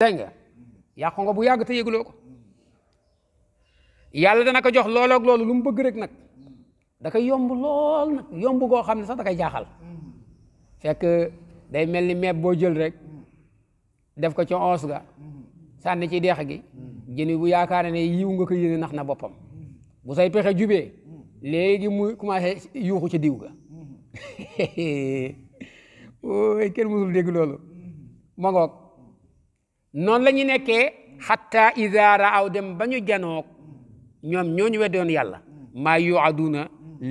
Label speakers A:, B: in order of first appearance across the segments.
A: dégg nga yàqu nga bu yàgg te yëguloo ko yàlla dana ko jox looloo loolu lu mu bëgg rek nag da yomb lool nag yomb goo xam ne sax da koy jaaxal fekk day mel ni meeb boo jël rek def ko ci oos ga sànni ci deex gi jëni bu yaakaar ne yiw nga ko yéene nax na boppam bu say pexe jubee léegi mu commencé yuuxu ci diw ga ooy kenn mësul dégg loolu ma ngoog noonu la ñu nekkee xatta ida aw dem ba ñu janoog ñoom ñooñu weddoon yàlla maa yu aduna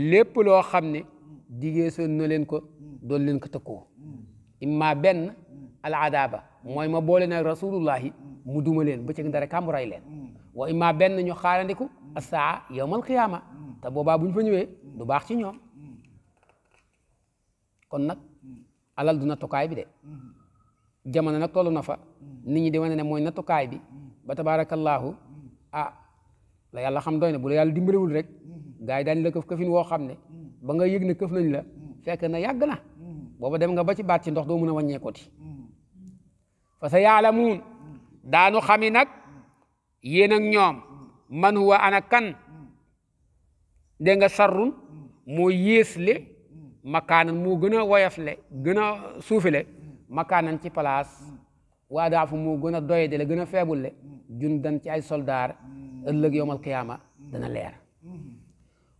A: lépp loo xam ne digee soon na leen ko doon leen ko tëkkoo imma benn al adaba mooy ma boole nag rasulullahi mu duma leen bëccëg dara kàmbu ray leen wa imma ben ñu xaarandiku asaa yawmal qiyaama te boobaa bu ñu fa ñëwee du baax ci ñoom kon nag alal duna tokaay bi de jamono nag toll na fa mm. nit ñi di wane ne mooy nattukaay bi mm. ba tabaarakallaahu mm. a ah, la yàlla xam doy na bu la yàlla dimbaliwul rek gars yi daañu la këf këfin woo xam ne ba nga yëg ne këf nañ la fekk na yàgg na booba dem nga ba ci baat ci ndox doo mën a wàññeekoti fa sa yaalamuun daanu xami nag yéen ak ñoom man huwa ana kan dégg nga sarrun moo yées le makaanan moo gën a woyaf le gën a suufile makaanan ci place waa daafu moo gën a doye de la gën a feebule jun dan ci ay soldaar ëllëg yowmal qiyaama dana leer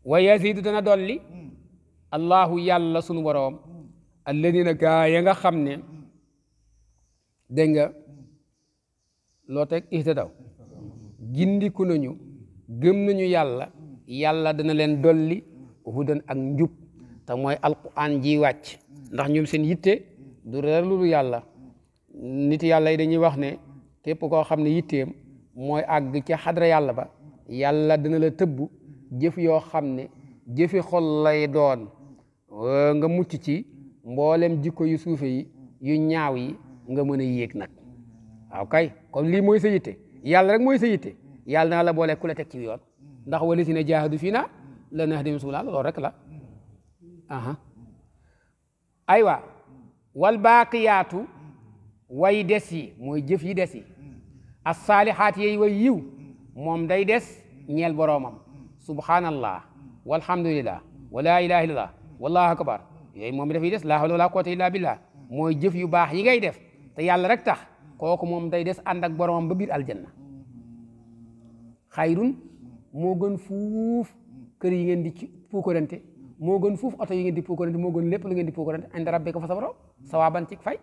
A: wa yazidu dana dolli allahu yàlla sunu boroom alladina gaa ya nga xam ne dégg nga loo teg ihtadaw gindiku nañu gëm nañu yàlla yàlla dana leen dolli hudan ak njub te mooy alquran ji wàcc ndax ñoom seen yitte du dara lu yàlla nit yàlla yi dañuy wax ne képp koo xam ne yitteem mooy àgg ca xadra yàlla ba yàlla dina la tëbbu jëf yoo xam ne jëfi xol lay doon nga mucc ci mboolem jikko yu suufe yi yu ñaaw yi nga mën a yéeg nag waaw kay comme lii mooy sa yitte yàlla rek mooy sa yitte yàlla naa la boole ku teg ci yoon ndax wali si ne jaahadu fii naa la nahdihim subulana loolu rek la aha aywa wal baaqiyaatu way des yi mooy jëf yi des yi assaalihaat yey way yiw moom day des ñeel boroomam subhaanallah walhamdulillah wala ilaha illallah wallahu akbar yooyu moom dafay des laa hawla wala quwwata illa billah mooy jëf yu baax yi ngay def te yàlla rek tax kooku moom day des ànd ak boroomam ba biir aljanna xayrun moo gën fuuf kër yi ngeen di ci puukarante moo gën fuuf oto yi ngeen di puukarante moo gën lépp lu puukarante inda rabbika fa sa sawaaban ci fay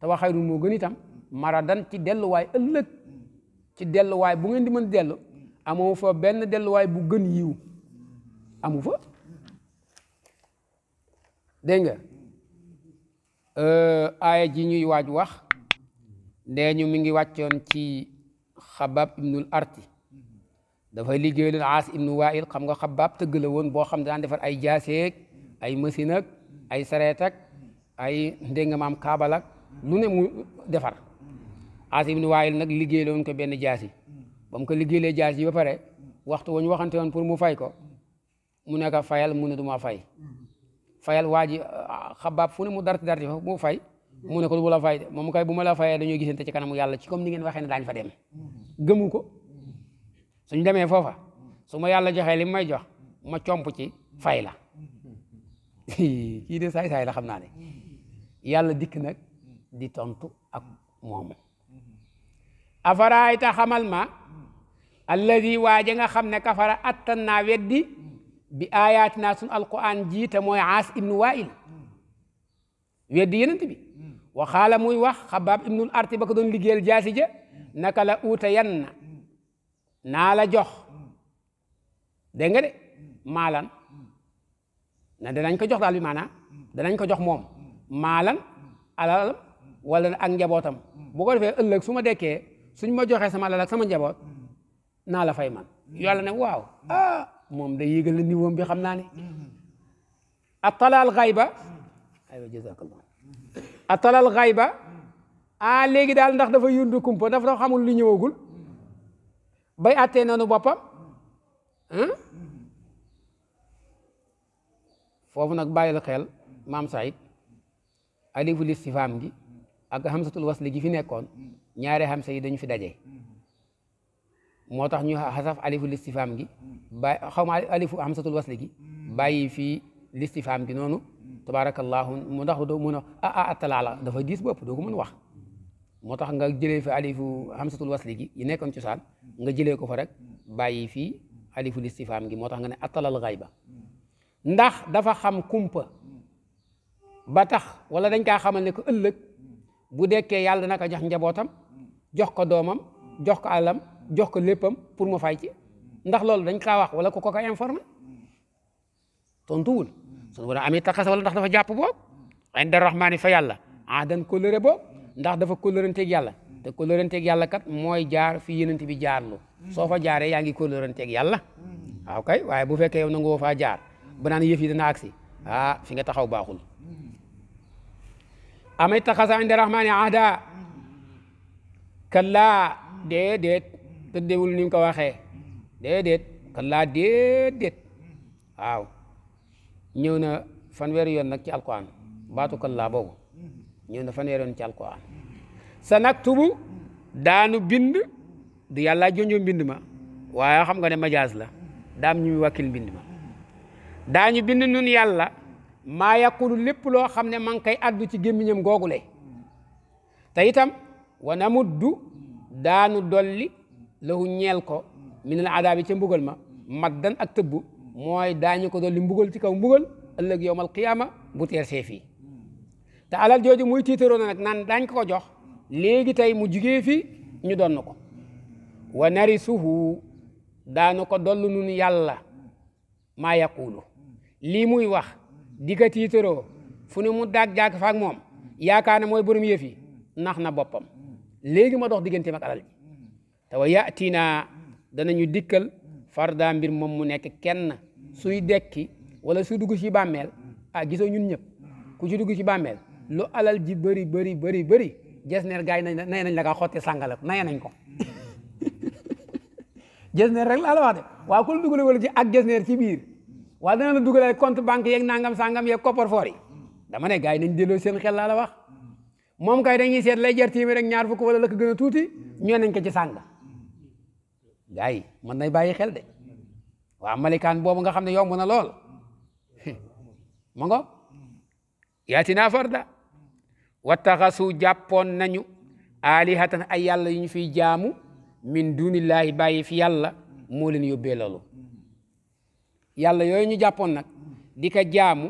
A: te wa xayrun moo gën itam maradan ci delluwaay ëllëg ci delluwaay bu ngeen di mën dellu amoo fa benn delluwaay bu gën yiw amu fa dégg nga euh, aaya ji ñuy waaj wax nee ñu mu ngi wàccoon ci xabab ibnul arti dafay liggéeyal aas ibnu wail xam nga xabab tëgg la woon boo xam ne daan defar ay jaaseeg ay machine ay sareet ay dégg nga maam kaabal lu ne mu defar Aas ibn Waayil nag liggéey loon ko benn jaasi ba mu ko liggéeylee jaasi yi ba pare waxtu wañu waxante woon pour mu fay ko mu ne ko fayal mu ne du ma fay fayal waa ji ah, xabaab fu ne mu darti darti fa fay mu ne ko du la fay de moom kay bu ma la fayee dañoo gisante ci kanamu yàlla ci comme ni ngeen waxee ne daañ fa dem gëmu ko suñ demee foofa su ma yàlla joxee li may jox ma comp ci fay la kii de saay saay la xam naa ne yàlla dikk nag di tontu ak moomu afaraayta xamal ma alladi waaja nga xam ne kafara attan na weddi bi na sun alquran jiite mooy aas ibnu wail weddi yenent bi waxaala muy wax xabaab ibnul arti ba ko doon liggéeyal jaasi ja naka la uuta yan na naa la jox dégg de maalan na danañ ko jox daal bi maanaa danañ ko jox moom maalan alalam wala ak njabootam bu ko defee ëllëg su ma dekkee suñ ma joxee sama alal ak sama jaboot naa la fay man yàlla ne waaw ah moom day yégal na niveau bi xam naa ne atalaal xayba aywa jazakallah atalaal xayba ah léegi daal ndax dafa yundu kumpa dafa xamul lu ñëwagul bay attee noonu boppam ah? foofu nag bàyyil xel maam Saïd alifu listifaam gi ak hamsatul wasli fi nekkoon ñaari hamsa yi dañu fi daje moo tax ñu xasaf alifu listifaam gi bàyyi xaw ma alifu hamsatul wasli gi bàyyi fii listifaam gi noonu tabaarakallaahu mu ndax doo mun a ah ah dafa diis bopp doo ko mën wax moo tax nga jëlee fi alifu hamsatul wasli gi yi nekkoon cosaan nga jëlee ko fo rek bàyyi fii alifu listifaam gi moo tax nga ne atalal xayba ndax dafa xam kumpa ba tax wala dañ kaa xamal ne ko ëllëg bu dekkee yàlla naka jox njabootam jox ko doomam jox ko àllam jox ko léppam pour mu fay ci ndax loolu dañ kaa wax wala ku ko ko informé tontuwul sun war a amee taxas wala ndax dafa jàpp boobu inda rahmaani fa yàlla ah dan kóllëre boobu ndax dafa kóllëranteeg yàlla te kóllëranteeg yàlla kat mooy jaar fi yénant bi jaarlu soo fa jaaree yaa ngi kóllëranteeg yàlla waaw kay waaye bu fekkee yow nangoo faa jaar ba naan yëf yi dana agsi ah, fi nga taxaw baaxul amay taxasa inda rahmaani ahda kallaa déedéet tëddewul ni mu ko waxee déedéet kallaa déedéet waaw ñëw na fanweeri yoon nag ci alquran baatu kallaa boobu ñëw na fanweeri yoon ci alquran sa naktubu daanu bind du yàlla jonjo mbind ma waaye xam nga ne majaas la daam ñuy wàkkil mbind ma daañu bind nun yàlla maa yaqulu lépp loo xam ne ma ngi koy addu ci gémmiñam googule te itam mu du daanu dolli lahu ñeel ko minal adaabi ca mbugal ma maddan ak tëbb mooy daañu ko dolli mbugal ci kaw mbugal ëllëg yowmal qiyaama bu teer see fii te alal jooju muy tiitaroo na nag naan daañ ko ko jox léegi tey mu jugee fi ñu donn ko wa narisuhu daanu ko dollu nun yàlla maa yaqulu lii muy wax di ko tiitaroo fu ne mu daag jaag faak moom yaakaar ne mooy borom yëf yi na boppam léegi ma dox digganteem ak alal ji te wa dana danañu dikkal far dambir moom mu nekk kenn suy dekki wala su dugg ci bàmmeel ah gisoo ñun ñëpp ku ci dugg ci bàmmeel lu alal ji bëri bëri bëri bëri Jesner gars yi nañ nañ la kaa xotti sàngala nañ nañ ko Jesner rek laa la wax de waaw ku la dugal wala ak Jesner ci biir. waaye dana la dugal ay compte banque yeeg nangam sangam yeeg coffre-fort yi dama ne gars yi nañ delloo seen xel laa la wax moom kay dañuy seet lay jar téeméer rek ñaar fukk wala la ko gën a tuuti ñoo nañ ko ci sàng man yi mën nañ bàyyi xel de waaw malikaan boobu nga xam ne yomb na lool ma ngo yaatinaa farda wattaxasu jàppoon nañu alihatan ay yàlla yu ñu fiy jaamu min dunillahi bàyyi fi yàlla moo leen yóbbee loolu yàlla yooyu ñu jàppoon di ka jaamu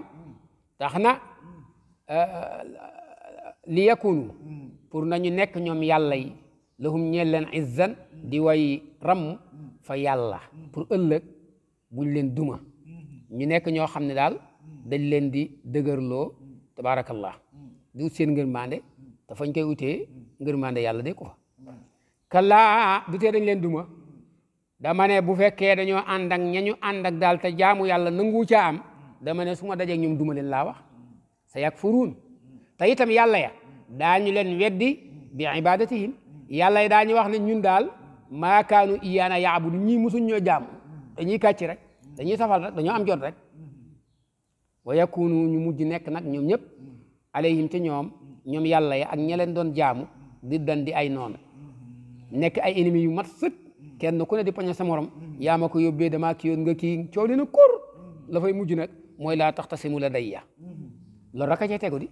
A: tax na euh, li yakunu pour ñu nekk ñoom yàlla yi lahum ñeel leen izzan di way ram fa yàlla pour ëllëg buñ leen duma ñu nekk ñoo xam ne daal dañ leen di dëgërloo tabaarakallah di ut seen ngërmande te fañ koy utee ngërmande yàlla de ko fa kallaa du tee leen duma dama ne bu fekkee dañoo ànd ak ña ñu ànd ak daal te jaamu yàlla nangu caa am dama ne su ma dajeeg ñoom duma leen laa wax sa yakfuruun te itam yàlla ya daañu leen weddi bi ibadatihim yàlla ya daañu wax ne ñun daal maakaanu iyaana yaabudu ñii musuñ ñoo jaamu dañuy kàcc rek dañuy safal rek dañoo am jot rek wa yakunu ñu mujj nekk nag ñoom ñëpp alayhim te ñoom ñoom yàlla ya ak ñeleen doon jaamu di dandi ay noonu nekk ay ennemis yu mat sëkk kenn ku ne di poñe sa morom yaa ma ko yóbbee damaa ki yoon nga kii coow kur la fay mujj nag mooy laa tax la dayya loolu rek a cay di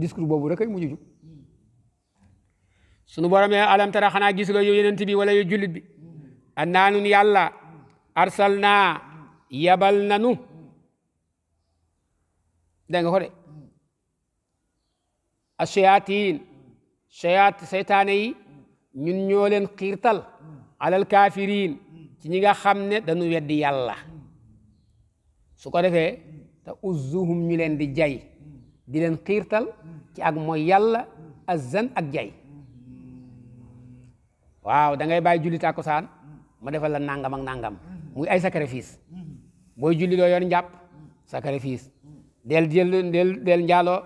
A: discours boobu rek ay mujj sunu borom ya alam tara xanaa gisuloo yow yenent bi wala yow jullit bi nun yàlla arsal naa yabal nanu dégg nga ko de a shayatin shayat seytaane yi ñun ñoo leen alal kaafiriin ci ñi nga xam ne dañu weddi yàlla su ko defee te uzzuhum ñu leen di jay di leen kiirtal ci ak mooy yàlla azan ak jay waaw da ngay bàyyi julli tàkkusaan ma defal la nangam nangam muy ay sacrifice booy julli doo yor njàpp sacrifice del jël del del njaaloo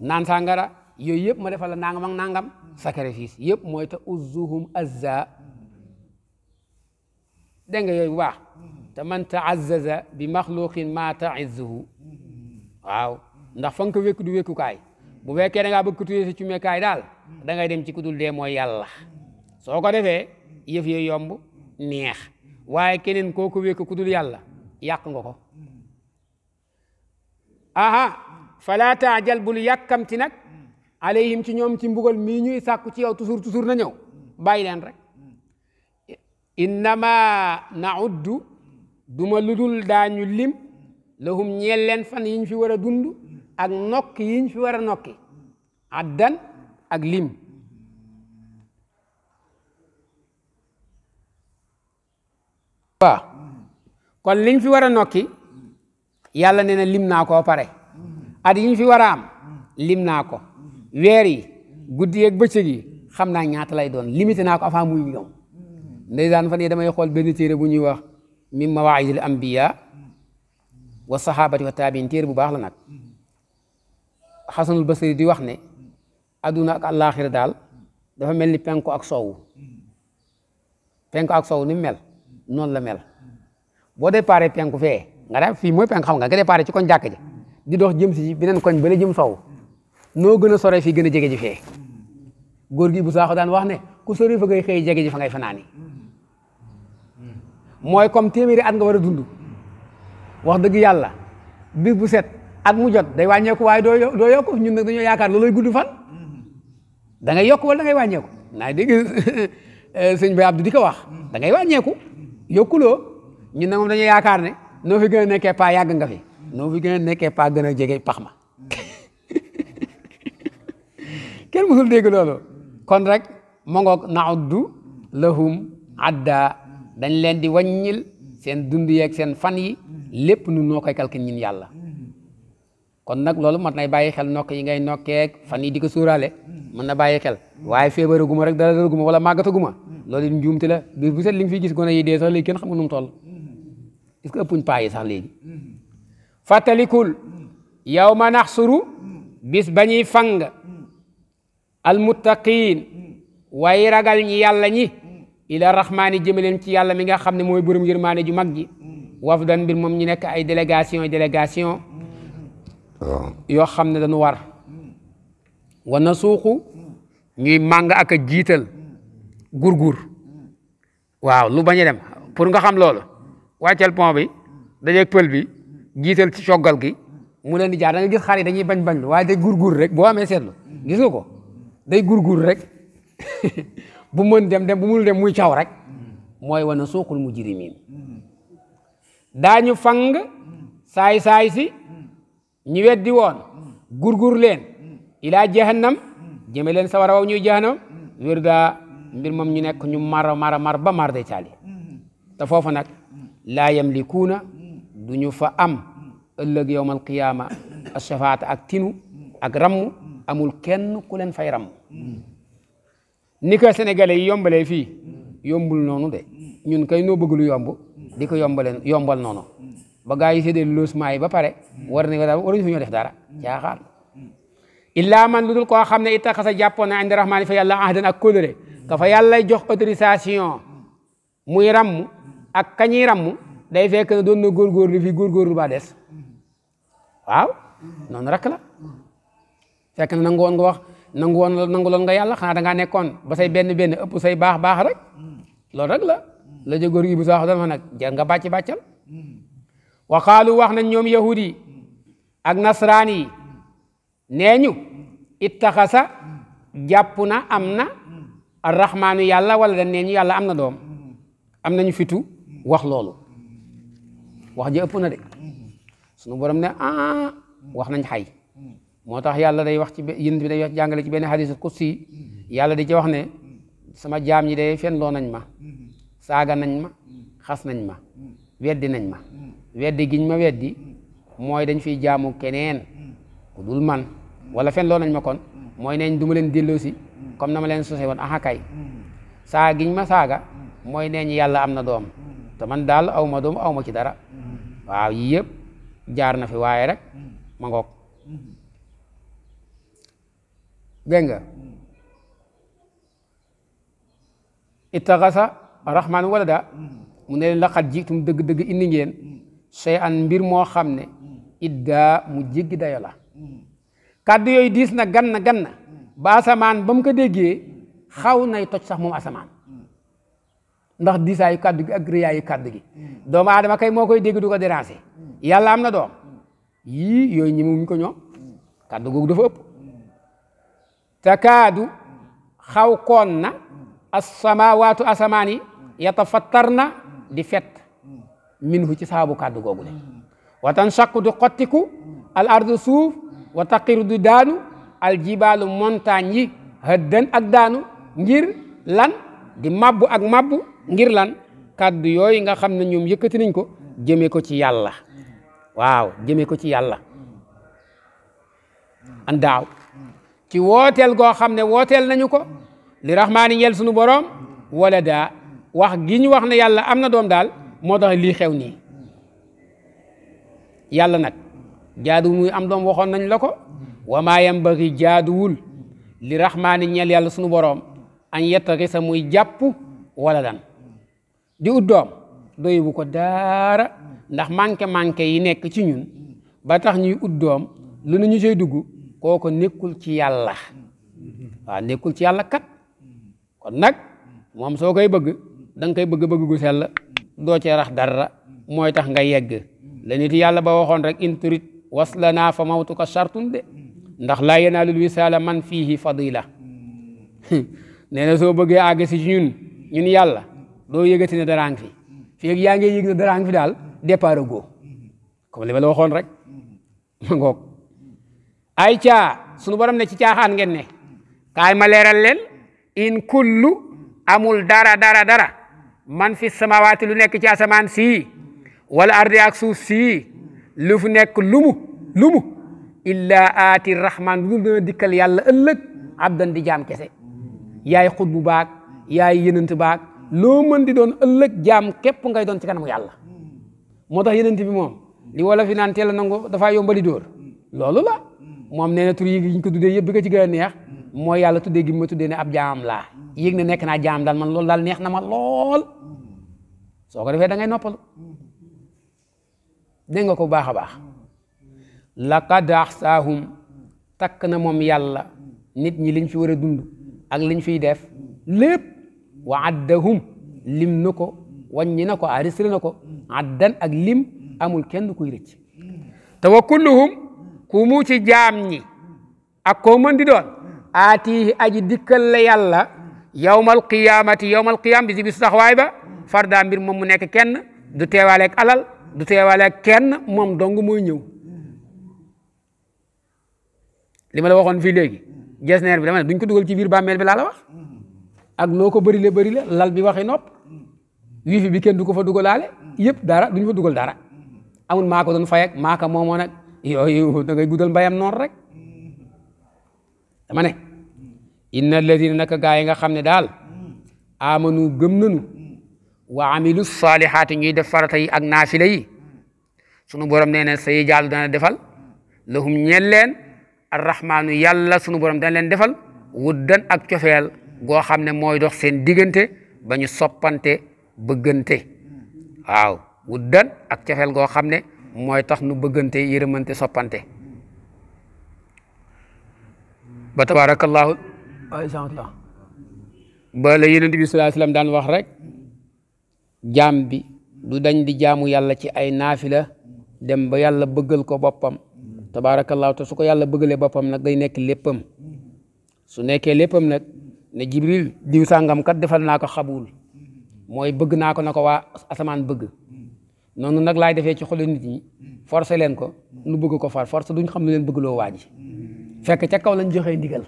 A: naan saangara yooyu yëpp ma defal la nangam ak nangam sacrifice yëpp mooy te uzzuhum azza dégg nga yooyu bu baax te man taazaza bi maxluqin ma taizzuhu waaw ndax fa nga ko wékk du wékkukaay bu fekkee da ngaa bëgg ko tuddee sa cumekaay daal da dem ci ku dul dee mooy yàlla soo ko defee yëf yooyu yomb neex waaye keneen koo ko wékk ku dul yàlla yàq nga ko aha fala taajal bul yàkkamti nag alayhim ci ñoom ci mbugal mii ñuy sàkku ci yow toujours toujours na ñëw bàyyi leen rek innama nauddu duma ludul daañu lim lahum ñeel leen fan yiñ fi war a dund ak nokki yiñ fi war a nokki addan ak lim waaw kon liñ fi war a nokki yàlla nee na lim naa ko pare at yiñ fi war a am lim naa ko weer yi guddi yeeg bëccëg yi xam naa ñaata lay doon limité naa ko avant muy ñëw ndeysaan fan yii damay xool benn téere bu ñuy wax min mawaa'idil anbiya wa sahabati wa taabiin téere bu baax la nag xasanul basri di wax ne adduna ak àllaaxira daal dafa mel ni penku ak soowu penku ak soowu ni mu mel noonu la mel boo départ penku fee nga def fii mooy penku xam nga nga départ ci koñ jàkk ji di dox jëm si beneen koñ ba la jëm soowu noo gën a sore fii gën a jege ji fee góor gi bu saaxo daan wax ne ku sori fa ngay xëy jege ji fa ngay fanaani mooy comme téeméeri at nga war a dund wax dëgg yàlla bis bu set at mu jot day wàññeeku waaye doo doo yokk ñun nag dañoo yaakaar loolay gudd fan da yokk wala wàññeeku naa dégg eh, sëñ Baye di ko wax da wàññeeku yokkuloo ñun nag moom dañoo yaakaar ne noo fi gën a nekkee paa yàgg nga fi noo fi gën a nekkee paa gën a jege pax ma kenn mësul dégg loolu kon rek ma ngoog nauddu lahum adda dañ leen di wàññil seen dund yeeg seen fan yi lépp nu noo koy calcul ñun yàlla kon nag loolu mat nay bàyyi xel nokk yi ngay nokkeeg fan yi di ko suuraale mën na bàyyi xel waaye feebaraguma rek dara daraguma wala màggataguma loolu it njuumte la bis bu set li nga fiy gis gone yi dee sax léegi kenn xam nga nu mu toll paa yi sax léegi fàttalikul yow ma naxsuru bis bañuy fang almuttaqiin waaye ragal ñi yàlla ñi ila rahmaani jëmaleen ci yàlla mi nga xam ne mooy borom yërmaane ju mag ji wafdan mbir moom ñu nekk ay délégation délégation yoo xam ne dañu war wa nasuuqu ñuy màng ak a jiital gurgur waaw lu bañ a dem pour nga xam loolu wàccal pont bi dajeeg pël bi jiital ci coggal gi mu leen di jaar da nga gis xar yi dañuy bañ bañ lu waa da gurgur rek boo amee seetlu gis nga ko day gurgur rek bu mën dem dem bu mënul dem muy caw rek mooy wana suuqul mujrimiin daañu fang saay saay si ñi weddi woon gurgur leen ilaa jahannam jëme leen sawara waw ñuy jahannam wér gaa mbir moom ñu nekk ñu mara mara mar ba mar day taali te foofu nag laa kuuna du ñu fa am ëllëg yowmal qiyaama ashafaata ak tinu ak ramm amul kenn ku leen fay ramm ni ko sénégalais yi yombalee fii yombul noonu de ñun kay noo bëgg lu yomb di ko yombale yombal noonu ba gaa yi séddee logement yi ba pare war nañ waruñu fa ñoo def dara caaxaan illaa man lu dul koo xam ne itta xasa jàppoon na indi rahmaani fa yàlla ahdan ak kóllëre ka fa yàlla jox autorisation muy ràmm ak kañuy ràmm day fekk ne doon na góorgóorlu fii góorgóorlu baa des waaw noonu rek la fekk na nangoon nga wax nangu woon la nangu nga yàlla xanaa da ngaa nekkoon ba say benn benn ëpp say baax baax rek loolu rek la la jëgóor gi bu saax doon fa nag jar nga bàcc bàccal wa qaalu wax nañ ñoom yahud yi ak nasraan yi nee ñu ittaxasa jàpp na am na arrahmaanu yàlla wala dañ nee ñu yàlla am na doom am nañu fitu wax loolu wax ji ëpp na de sunu borom ne ah wax nañ xay moo tax yàlla day wax ci yéen bi day jàngale ci benn xadiisul qudsi yàlla di ci wax ne sama jaam yi de fen loo nañ ma saaga nañ ma xas nañ ma weddi nañ ma weddi giñ ma weddi mooy dañ fiy jaamu keneen ku dul man wala fen loo nañ ma kon mooy neeñ duma ma leen delloosi comme na ma leen sose woon aha saa giñ ma saaga mooy neeñ yàlla am na doom te man daal aw ma doom aw ma ci dara waaw yii yëpp jaar na fi waaye rek ma ngoog dégg nga ittaxasa rahmaan walada mu ne leen laqat jiitum dëgg-dëgg indi ngeen sey an mbir moo xam ne iddaa mu jéggi dayo la kàddu yooyu diis na gan na gan ba asamaan ba mu ko déggee xaw nay toj sax moom asamaan ndax diisaayu kàddu gi ak réyaayu kàddu gi doomu aadama kay moo koy dégg du ko déranger yàlla am na doom yii yooyu ñi mu ko ñoom kàddu googu dafa ëpp takaadu xaw koon na assamaawaatu asamaan yi yatafattar na di fet minhu ci saabu kàddu googu de wa tanshaqu du xottiku al ardu suuf wa taqiru du daanu al jibaalu montagne yi hëddan ak daanu ngir lan di mabbu ak mabbu ngir lan kàddu yooyu nga xam ne ñoom yëkkati nañ ko jëme ko ci yàlla waaw jëme ko ci yàlla an ci wooteel goo xam ne wooteel nañu ko li rahmaani ñel suñu boroom wala daa wax gi ñu wax na yàlla am na doom daal moo tax lii xew nii yàlla nag jaadu muy am doom waxoon nañ la ko wa maa yambagi jaaduwul li rahmaani ñel yàlla suñu boroom an yettaki sa muy jàpp walla dan di ut doom doyu bu ko daara ndax manqué manqué yi nekk ci ñun ba tax ñuy ut doom lu ne ñu cay dugg kooko nekkul ci yàlla waaw nekkul ci yàlla kat kon nag moom soo koy bëgg da nga koy bëgg bëgg gu sell doo ci rax dara mooy tax nga yegg la nit yàlla ba waxoon rek in turit naa fa mawtuka shartun de ndax laa yanaalul wisaala man fiihi fadila nee na soo bëggee àgg si ñun ñun yàlla doo yëgati ne dara ngi fi fii ak yaa ngi yëg ne dara fi daal départ goo comme li ma la waxoon rek ma ay caa sunu borom ne ci caaxaan ngeen ne kaay ma leeral leen in kullu amul dara dara dara man fi samawaati lu nekk ci asamaan sii wala ardi ak suuf sii lu fu nekk lumu lumu illa aati rahman lu dana dikkal yàlla ëllëg abdan di jaam kese yaay xutbu baag yaay yenant baag loo mën di doon ëllëg jaam képp ngay doon ci kanamu yàlla moo tax yenant bi moom li wala fi naan teel a nangu dafaa yombali dóor loolu la moom nee na tur yi ñu ko tuddee yëpp bi ko ci gën a neex mooy yàlla tuddee gi ma tuddee ab jaam laa yéeg ne nekk naa jaam daal man loolu daal neex na ma lool soo ko defee da ngay dégg nga ko bu baax a baax laqad ahsaahum takk na moom yàlla nit ñi liñ fi war a dund ak liñ fiy def lépp wa addahum lim na ko wàññi na ko aristre na ko addan ak lim amul kenn kuy rëcc te wa ku mu ci jaam ñi ak koo mën di doon aatihi aji dikkal la yàlla yawmal qiyaamati yawmal qiyaam bi si bisu taxawaay ba fardaa mbir moom mu nekk kenn du teewaaleeg alal du teewaaleeg kenn moom dong mooy ñëw li ma la waxoon fii léegi bi dama ne ko dugal ci biir bàmmeel bi laa la wax ak noo ko barile bërile lal bi waxi nopp wifi bi kenn du ko fa dugalaale yëpp dara duñ fa dugal dara amul maa ko doon fay ak yooyu da ngay guddal mbayam noonu rek dama ne inna alladina naka gaa yi nga xam ne daal amanu gëm nanu wa amilu saalihaati ñuy def farata yi ak naafila yi sunu borom nee na sayi jaalu dana defal lahum ñeel leen arrahmaanu yàlla sunu borom dana leen defal wuddan ak cofeel goo xam ne mooy dox seen diggante ba ñu soppante bëggante waaw wuddan ak cofeel goo xam ne mooy tax nu bëggante yërëmante soppante ba tabaarakallaahu ba la yonent bi sallallaahu alayhi wa daan wax rek jaam bi du dañ di jaamu yàlla ci ay naafila dem ba yàlla bëggal ko boppam tabaarakallaahu te su ko yàlla bëggalee boppam nag day nekk léppam su nekkee léppam nag ne jibril diw sàngam kat defal naa ko xabul mooy bëgg naa ko na ko waa asamaan bëgg noonu nag laay defee ci xolu nit ñi forcé leen ko nu bëgg ko far force duñ xam ne leen bëgg loo waaj fekk ca kaw lañ joxee ndigal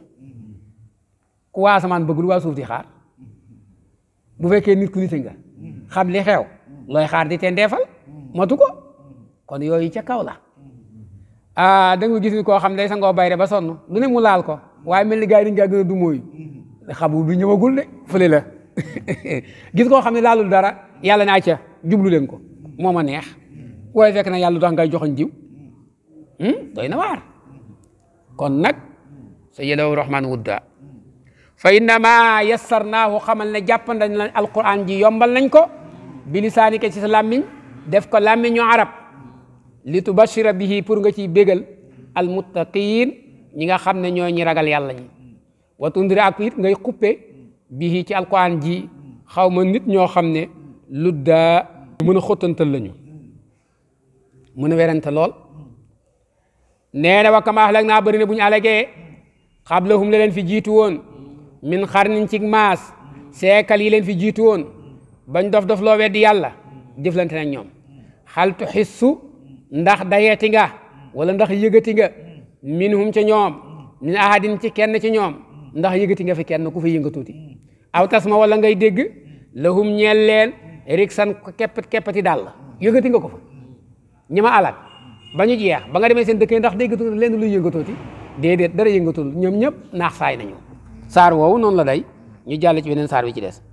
A: ku waa asamaan bëgg lu waa suuf di xaar bu fekkee nit ku nite nga xam li xew looy xaar di te ndeefal matu ko kon yooyu ca kaw la ah da nga gis koo xam ne day sangoo bayre ba sonn lu ne mu laal ko waaye mel ni gars yi dañ kaa gën a du mooy bi ñëwagul de fële la gis koo xam ne laalul dara yàlla naa ca jublu leen ko moo ma neex waaye fekk na yàlla du tax ngay joxoñ diw hmm? doy na waar kon nag sa yëlaw rahman wudda fa innama yassarnaahu xamal ne jàppandañ lañ alquran ji yombal nañ ko bi lisaanika ci sa def ko làmmiñu arab li tubashira bihi pour nga ciy bégal almuttaqiin ñi nga xam ne ñooy ñi ragal yàlla ñi wa tundira ak it ngay bihi ci alquran ji xaw ma nit ñoo xam ne ludda mën a xottantal lañu mën a werante lool nee na wa kamaa ahlaknaa bëri na bu ñu alagee xablahum la leen fi jiitu woon min xarnin ci maas seekal yi leen fi jiitu woon bañ dof dof loo weddi yàlla jëflante nañ ñoom xal tuxissu ndax dayeeti nga wala ndax yëgati nga minhum ca ñoom min ahadin ci kenn ci ñoom ndax yëgati nga fi kenn ku fi yëngatuuti aw tas ma wala ngay dégg lahum ñeel leen Erickson kepp keppati daal la yëngati ko fa ñi ma alaat ba ñu jeex ba nga demee seen dëkk yi ndax déggatu leen luy yëngatooti déedéet dara yëngatul ñoom ñëpp naax saay nañu saar woowu noonu la day ñu jàll ci beneen saar wi ci des